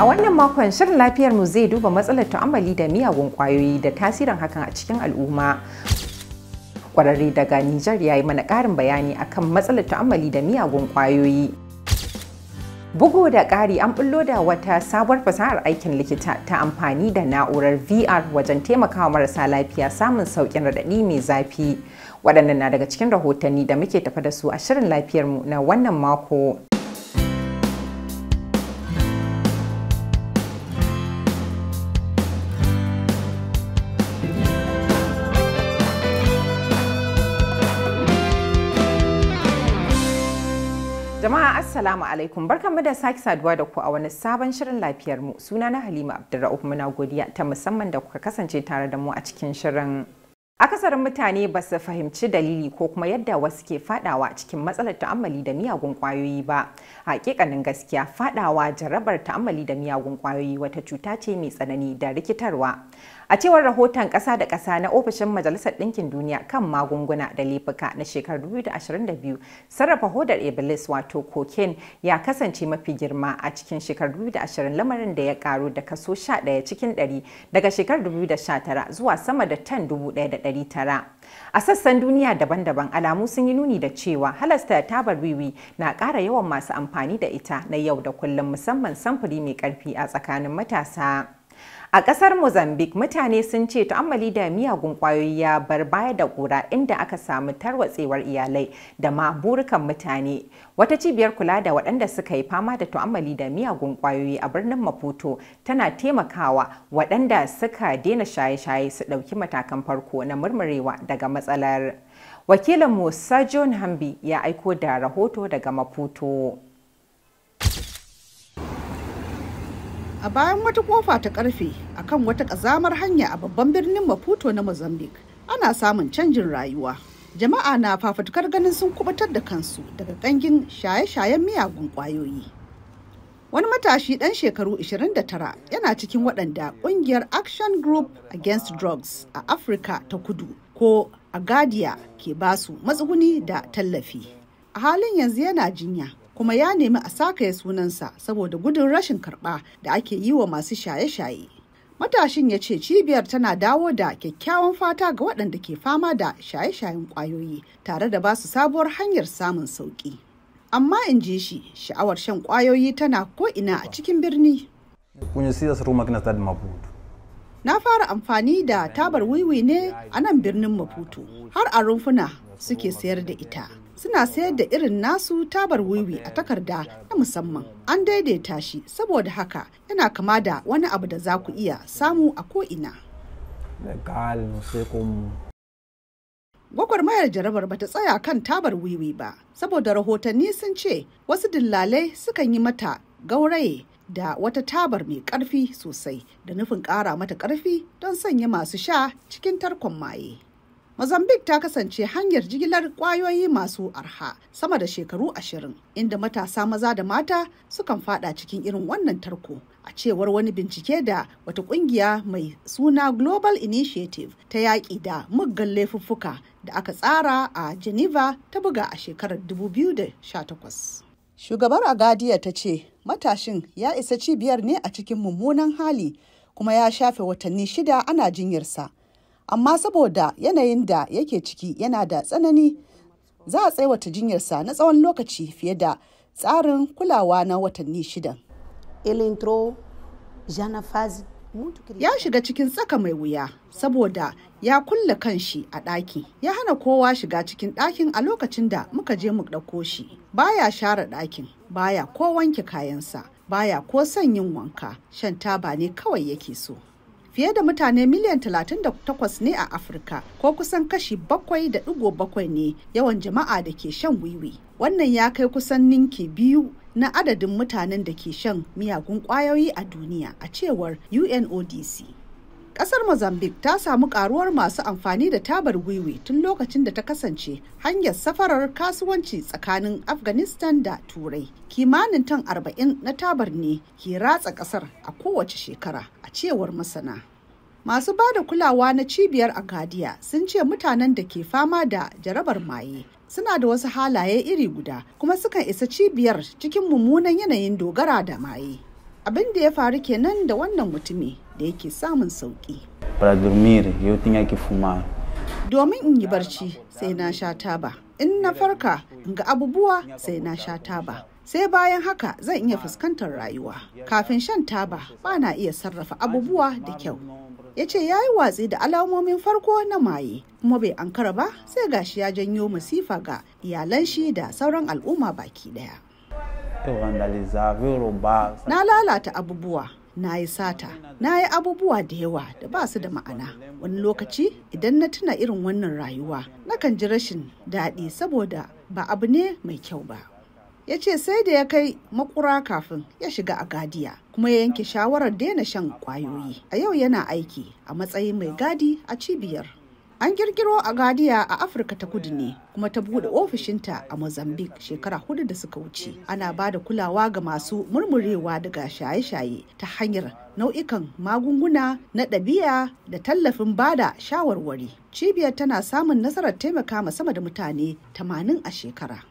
A wannan makon shirin lafiyar mu zai duba matsalar ta'ammali da miyagun kwayoyi da tasirin hakan a cikin al'umma. Kwararre daga Nijar ya yi mana ƙarin bayani akan matsalar ta'ammali da miyagun kwayoyi. Bugu da ƙari an bullo da wata sabuwar fasahar aikin likita ta amfani da na'urar VR wajen taimakawa marasa lafiya samun sauƙin raɗaɗi mai zafi. Waɗannan na daga cikin rahotanni da muke tafa da su a shirin lafiyar mu na wannan mako. Assalamu alaikum barkanmu da sake saduwa da ku a wani sabon shirin lafiyar mu suna na Halima Abdulra'uf muna godiya ta musamman da kuka kasance tare da mu a cikin shirin. Akasarin mutane ba su fahimci dalili ko kuma yadda wasu ke fadawa cikin matsalar ta'ammali da miyagun kwayoyi ba. Hakikanin gaskiya fadawa jarabar ta'ammali da miyagun kwayoyi wata cuta ce mai tsanani da rikitarwa. A cewar rahoton ƙasa da ƙasa na ofishin Majalisar Ɗinkin Duniya kan magunguna da lifuka na shekarar 2022, sarrafa hodar Iblis wato cocaine ya kasance mafi girma a cikin shekarar 2020 lamarin da ya karu da kaso 11 cikin 100 daga shekarar 2019 zuwa sama da tan 1,900. A sassan duniya daban-daban alamu sun yi nuni da cewa halasta tabar wiwi na ƙara yawan masu amfani da ita na yau da kullum musamman samfuri mai ƙarfi a tsakanin matasa. A ƙasar Mozambique mutane sun ce ta'ammali da miyagun ƙwayoyi ya bar baya da ƙura inda aka samu tarwatsewar iyalai da ma burukan mutane. Wata cibiyar kula da waɗanda suka yi fama da ta'ammali da miyagun ƙwayoyi a birnin Maputo tana taimakawa waɗanda suka daina shaye-shaye su ɗauki matakan farko na murmurewa daga matsalar. Wakilin Musa John Hambi ya aiko da rahoto daga Maputo. a bayan wata kofa ta karfe kan wata ƙazamar hanya a babban birnin maputo na mozambique ana samun canjin rayuwa jama'a na fafutukar ganin sun kubutar da kansu daga kangin shaye-shayen miyagun ƙwayoyi. wani matashi ɗan shekaru 29 yana cikin waɗanda ƙungiyar action group against drugs a afirka ta kudu ko agadia ke basu matsuguni da tallafi a halin yanzu yana jinya kuma ya nemi a sakaya sunansa saboda gudun rashin karɓa da ake yi wa masu shaye-shaye. Matashin ya ce cibiyar tana dawo da kyakkyawan fata ga waɗanda ke fama da shaye-shayen ƙwayoyi tare da ba su sabuwar hanyar samun sauƙi. Amma in ji shi, sha'awar shan ƙwayoyi tana ko'ina a cikin birni. Na fara amfani da tabar wiwi ne a nan birnin Maputo har a rumfuna suke sayar da ita. suna sayar da irin nasu tabar wiwi a takarda na musamman an daidaita shi saboda haka yana kama da wani abu da za ku iya samu a ko'ina gwagwarmayar jarabar bata tsaya kan tabar wiwi ba saboda rahotanni sun ce wasu dillalai sukan yi mata gauraye da wata tabar mai ƙarfi sosai da nufin ƙara mata ƙarfi don sanya masu sha cikin tarkon maye. Mozambique ta kasance hanyar jigilar kwayoyi masu arha sama da shekaru ashirin, inda matasa maza da mata sukan fada cikin irin wannan tarko. A cewar wani bincike da wata kungiya mai suna Global Initiative ta yaƙi da muggan laifuffuka da aka tsara a Geneva ta buga a shekarar 2018. Shugabar Agadiya ta ce matashin ya isa cibiyar ne a cikin mummunan hali kuma ya shafe watanni shida ana jinyarsa. amma saboda yanayin da yake ciki yana da tsanani za a tsaiwata jinyarsa na tsawon lokaci fiye da tsarin kulawa na watanni shidan. Ya shiga cikin tsaka mai wuya saboda ya kulle kanshi a ɗaki ya hana kowa shiga cikin ɗakin a lokacin da muka je mu ɗauko shi baya share ɗakin baya ko wanke kayansa baya ko son yin wanka shan taba ne kawai yake so. fiye da mutane miliyan 38 ne a afirka ko kusan kashi bakwai da 7.7 ne yawan jama'a da ke shan wiwi wannan ya kai kusan ninki biyu na adadin mutanen da ke shan miyagun kwayoyi a duniya a cewar unodc Kasar Mozambique ta samu karuwar masu amfani da tabar wiwi tun lokacin da ta kasance hanyar safarar kasuwanci tsakanin Afghanistan da Turai. Kimanin tan 40 na tabar ne ke ratsa kasar a kowace shekara a cewar masana. Masu ba da kulawa na cibiyar Agadiya sun ce mutanen da ke fama da jarabar maye suna da wasu halaye iri guda kuma sukan isa cibiyar cikin mummunan yanayin dogara da maye. abin da ya faru kenan da wannan mutumi da yake samun sauki. Para dormir, eu tinha que fumar. Domin in yi barci sai na sha taba. In na farka in ga abubuwa sai na sha taba. Sai bayan haka zan iya fuskantar rayuwa. Kafin shan taba ba na iya sarrafa abubuwa da kyau. ya ce ya yi watsi da alamomin farko na maye kuma bai ankara ba sai gashi ya janyo masifa ga iyalan shi da sauran al'umma baki daya. na lalata abubuwa na yi sata na yi abubuwa da yawa da ba su da ma'ana wani lokaci idan na tuna irin wannan rayuwa nakan ji rashin daɗi saboda ba abu ne mai kyau ba ya ce sai da ya kai makura kafin ya shiga a gadiya kuma ya yanke shawarar daina shan kwayoyi a yau yana aiki a matsayin mai gadi a cibiyar An kirkiro Agadia a Afirka ta kudu ne kuma ta buɗe ofishinta a Mozambique shekara hudu da suka wuce. Ana ba da kulawa ga masu murmurewa daga shaye-shaye ta hanyar nau'ikan magunguna na ɗabi'a da tallafin bada shawarwari. Cibiyar tana samun nasarar taimaka sama da mutane 80 a shekara.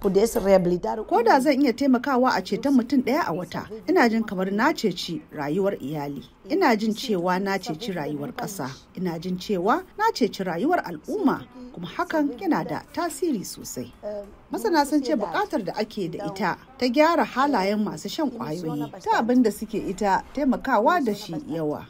pudesse rehabilitar ko da zan iya taimakawa a ceton mutum ɗaya a wata ina jin kamar na ceci rayuwar iyali ina jin cewa na ceci rayuwar ƙasa ina jin cewa na ceci rayuwar al'umma kuma hakan yana da tasiri sosai masana sun ce buƙatar da ake da ita ta gyara halayen masu shan ƙwayoyi ta abin da suke ita taimakawa da shi yawa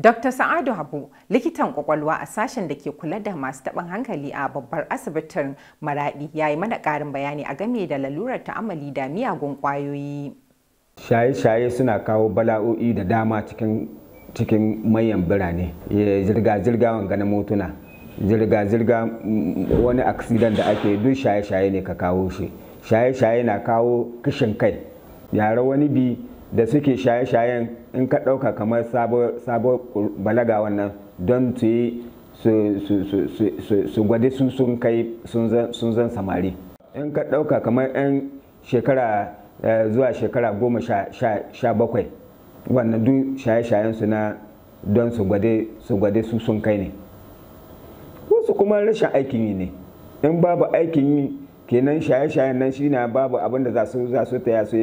Dr. Sa'adu Habu, likitan kwakwalwa a sashen da ke kula da masu taɓin hankali a babbar asibitin Maraɗi ya yi mana ƙarin bayani a game da lalurar ta'amali da miyagun ƙwayoyi. Shaye-shaye suna kawo bala'o'i da dama cikin manyan birane, zirga-zirga wangana motuna, zirga-zirga mm, wani aksidan da ake duk shaye-shaye ne ka kawo shi. Shaye-shaye na kawo kishin kai, yara wani bi da suke shaye-shayen in ka ɗauka kamar sabo balaga wannan don su yi su gwade su sun kai sun zan samari in ka ɗauka kamar 'yan shekara eh, zuwa shekara goma sha bakwai wannan duk shaye-shayen su na don su gwade su sun kai ne wasu kuma rashin aikin yi ne in babu aikin yi kenan shaye-shayen nan shi na babu abin da za su za su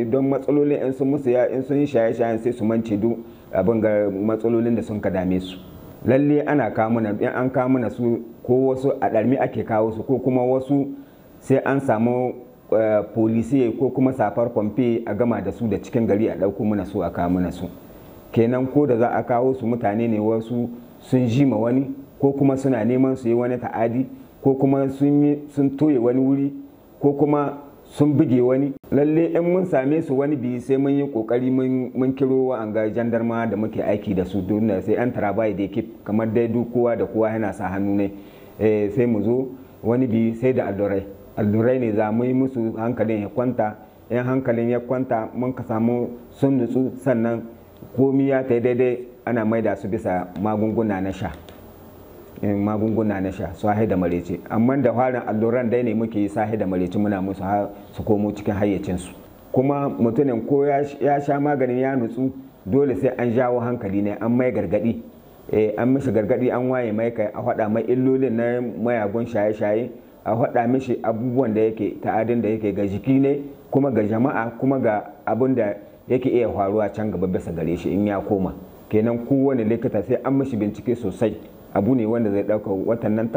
don matsalolin in sun musu in sun yi shaye-shayen sai su mance du abin ga matsalolin da sun ka dame su lalle ana kamuna in an kamuna su ko wasu a ɗarmi ake kawo su ko kuma wasu sai an samu eh, polisiye ko kuma safar kwamfe a gama da su da cikin gari a ɗauko muna su a kawo su kenan ko da za a kawo su mutane ne wasu sun ji ma wani ko kuma suna neman su yi wani ta'adi ko kuma sun toye wani wuri ko kuma sun buge wani lalle in mun same su wani biyu sai mun yi kokari mun kiro wa an ga jandarma da muke aiki da su don sai an tara bai da kip kamar dai duk kowa da kowa yana sa hannu ne eh, sai mu zo wani biyu sai da allurai allurai ne za mu yi musu hankalin ya kwanta in hankalin ya kwanta mun ka samu sun nutsu sannan komi ya ta daidai ana maida su bisa magunguna na sha magunguna na sha sahi da marece amma da farin alluran dai ne muke yi sahi da marece muna musu su komo cikin hayyacinsu kuma mutumin ko ya sha maganin ya nutsu dole sai an jawo hankali ne an mai gargadi eh, an mishi gargadi an waye mai kai a faɗa mai illolin na mayagun shaye-shaye a faɗa mishi abubuwan da yake ta'adin da yake ga jiki ne kuma ga jama'a kuma ga abun da yake iya faruwa can gaba bisa gare shi in ya koma kenan kowane likita sai an mishi bincike sosai abu ne wanda zai dauka watannan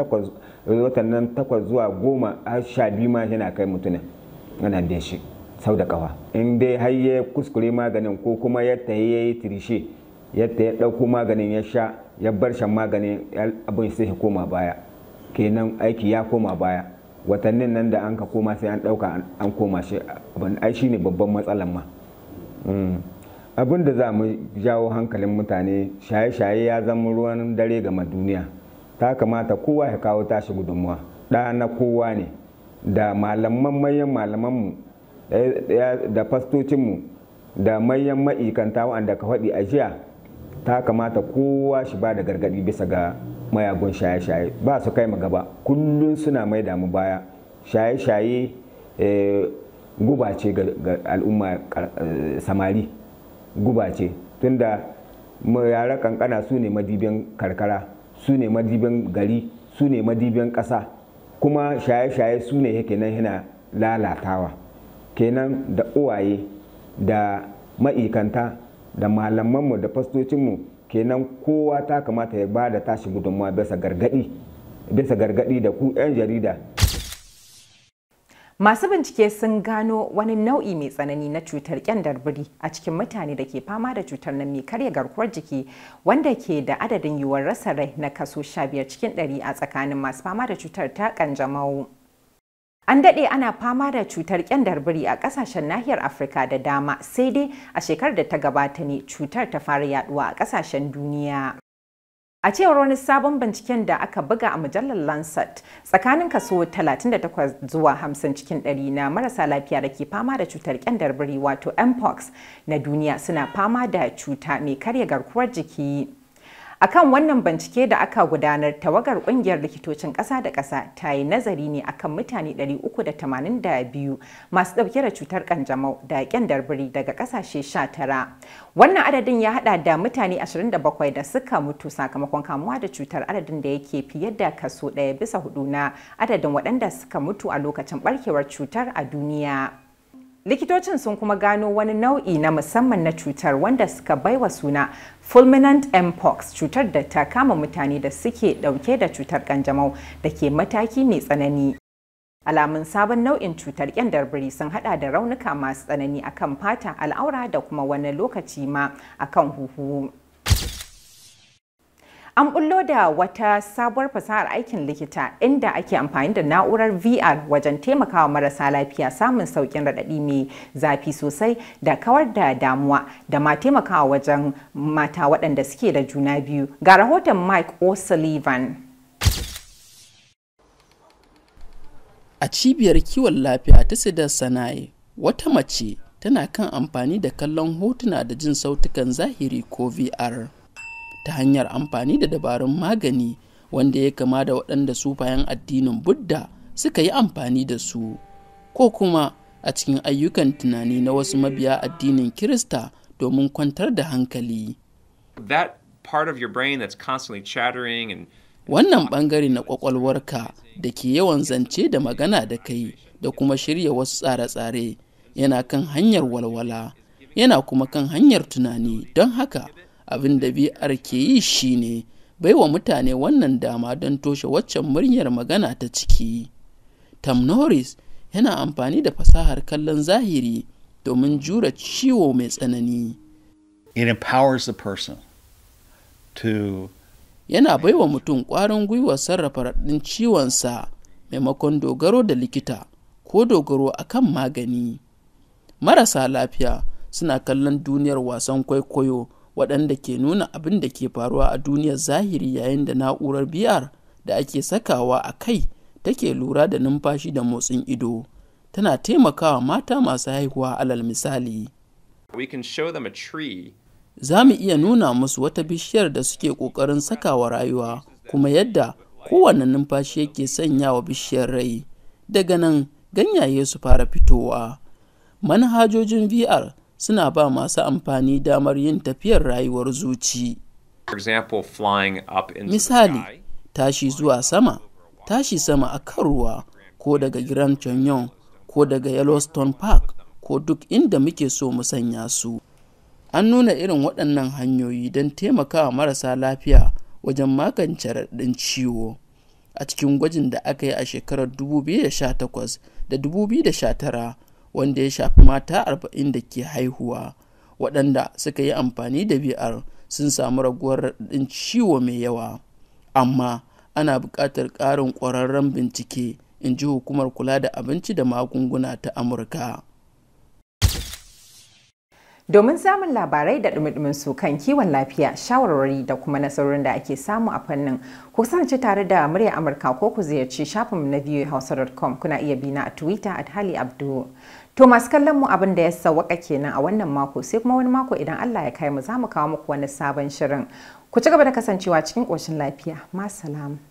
takwas zuwa goma a sha biyu ma yana kai mutumin yana da shi sau da kawa in dai har ya kuskure maganin ko kuma yadda ya yi tirishe yadda ya dauko maganin ya sha ya bar shan maganin abin sai ya koma baya kenan aiki ya koma baya watannin nan da an ka koma sai an dauka an koma shi abin ai ne babban matsalan ma hmm. abin da za mu jawo hankalin mutane shaye-shaye ya zama ruwan dare ga duniya ta kamata kowa ya kawo tashi gudunmuwa ɗa na kowa ne da malaman manyan malamanmu eh, da fastocinmu da manyan ma'ikanta wanda ka faɗi a jiya ta kamata kowa shi ba da gargaɗi bisa ga mayagun shaye-shaye ba su kai gaba kullum suna mai damu baya shaye-shaye eh, guba ce ga al'umma eh, samari guba ce tunda yara kankana su ne madibin karkara su ne madibin gari su ne madibin ƙasa kuma shaye-shaye su ne yake nan yana lalatawa kenan da uwaye da ma'ikanta da malamanmu da fastocinmu kenan kowa ta kamata ya ba da tashi gudunmawa bisa bisa gargadi da ku 'yan jarida Masu bincike sun gano wani nau'i mai tsanani na cutar kyandar biri a cikin mutane da ke fama da cutar nan mai karya garkuwar jiki wanda ke da adadin yiwuwar rasa rai na kaso 15 cikin 100 a tsakanin masu fama da cutar ta kanjamau. An daɗe ana fama da cutar kyandar biri a ƙasashen nahiyar Afirka da dama sai dai a shekarar da ta gabata ne cutar ta fara yaduwa a ƙasashen duniya. A cewar wani sabon binciken da aka buga a mujallar Lancet, tsakanin kaso 38 zuwa 50 cikin ɗari na marasa lafiya da ke fama da cutar kyandar biri wato mpox na duniya suna fama da cuta mai karya garkuwar jiki. akan wannan bincike da aka gudanar tawagar kungiyar likitocin ƙasa da ƙasa ta yi nazari ne akan mutane 382 masu ɗauke da cutar kanjamau da kyandar biri daga ƙasashe 19 wannan adadin ya hada da mutane 27 da suka mutu sakamakon kamuwa da cutar adadin da yake fiye da kaso ɗaya bisa hudu na adadin waɗanda suka mutu a lokacin barkewar cutar a duniya likitocin sun kuma gano wani nau'i na musamman na cutar wanda suka baiwa suna fulminant mpox cutar da ta kama mutane da suke dauke da cutar kanjamau da ke mataki mai tsanani alamun sabon nau'in cutar kyandar biri sun hada da raunuka masu tsanani akan fata al'aura da kuma wani lokaci ma akan huhu An bullo da wata sabuwar fasahar aikin likita inda ake amfani da na'urar VR wajen taimakawa marasa lafiya samun sauƙin raɗaɗi mai zafi sosai da kawar da damuwa da ma taimakawa wajen mata waɗanda suke da juna biyu. Ga rahoton Mike O'Sullivan. A cibiyar kiwon lafiya ta Sidar Sanaye, wata mace tana kan amfani da kallon hotuna da jin sautukan zahiri ko VR. ta hanyar amfani da dabarun magani wanda ya kama da waɗanda sufayen addinin Budda suka yi amfani da su, ko kuma a cikin ayyukan tunani na wasu mabiya addinin Kirista domin kwantar da hankali. That part of your brain that's Wannan ɓangare na ƙwaƙwalwarka da ke yawan zance da magana da kai da kuma shirya wasu tsare-tsare yana kan hanyar walwala, yana kuma kan hanyar tunani don haka abin da biyar ke yi shine baiwa mutane wannan dama don toshe waccan muryar magana ta ciki tam norris yana amfani da fasahar kallon zahiri domin jure ciwo mai tsanani it empowers the yana baiwa mutum ƙwarin gwiwa sarrafa raɗin ciwonsa maimakon dogaro da likita ko dogaro akan magani marasa lafiya suna kallon duniyar wasan kwaikwayo waɗanda ke nuna abin da ke faruwa a duniyar zahiri yayin da na'urar biyar da ake sakawa a kai take lura da numfashi da motsin ido tana taimakawa mata masu haihuwa alal misali Za mu iya nuna musu wata bishiyar da suke ƙoƙarin sakawa rayuwa kuma yadda kowane numfashi yake sanya wa bishiyar rai daga nan ganyaye su fara fitowa manhajojin vr suna ba masu amfani damar yin tafiyar rayuwar zuci. Misali, tashi zuwa sama, tashi sama a kan ruwa ko daga Grand Canyon ko daga Yellowstone Park ko duk inda muke so mu sanya su. An nuna irin waɗannan hanyoyi don taimakawa marasa lafiya wajen magance raɗin ciwo. A cikin gwajin da aka yi a shekarar 2018 da 2019 wanda ya shafi mata arba'in da ke haihuwa waɗanda suka yi amfani da vr sun samu raguwar raɗaɗin ciwo mai yawa amma ana buƙatar ƙarin ƙwararren bincike in ji hukumar kula da abinci da magunguna ta amurka Domin samun labarai da dumi su kan kiwon lafiya, shawarwari da kuma nasarorin da ake samu a fannin, ku kasance tare da murya Amurka ko ku ziyarci shafinmu na hausa.com kuna iya bina a Twitter at Hali Abdu. To masu kallon mu abin da ya sawaka kenan a wannan mako sai kuma wani mako idan Allah ya kai mu za mu kawo muku wani sabon shirin. Ku ci gaba da kasancewa cikin ƙoshin lafiya. Masalam.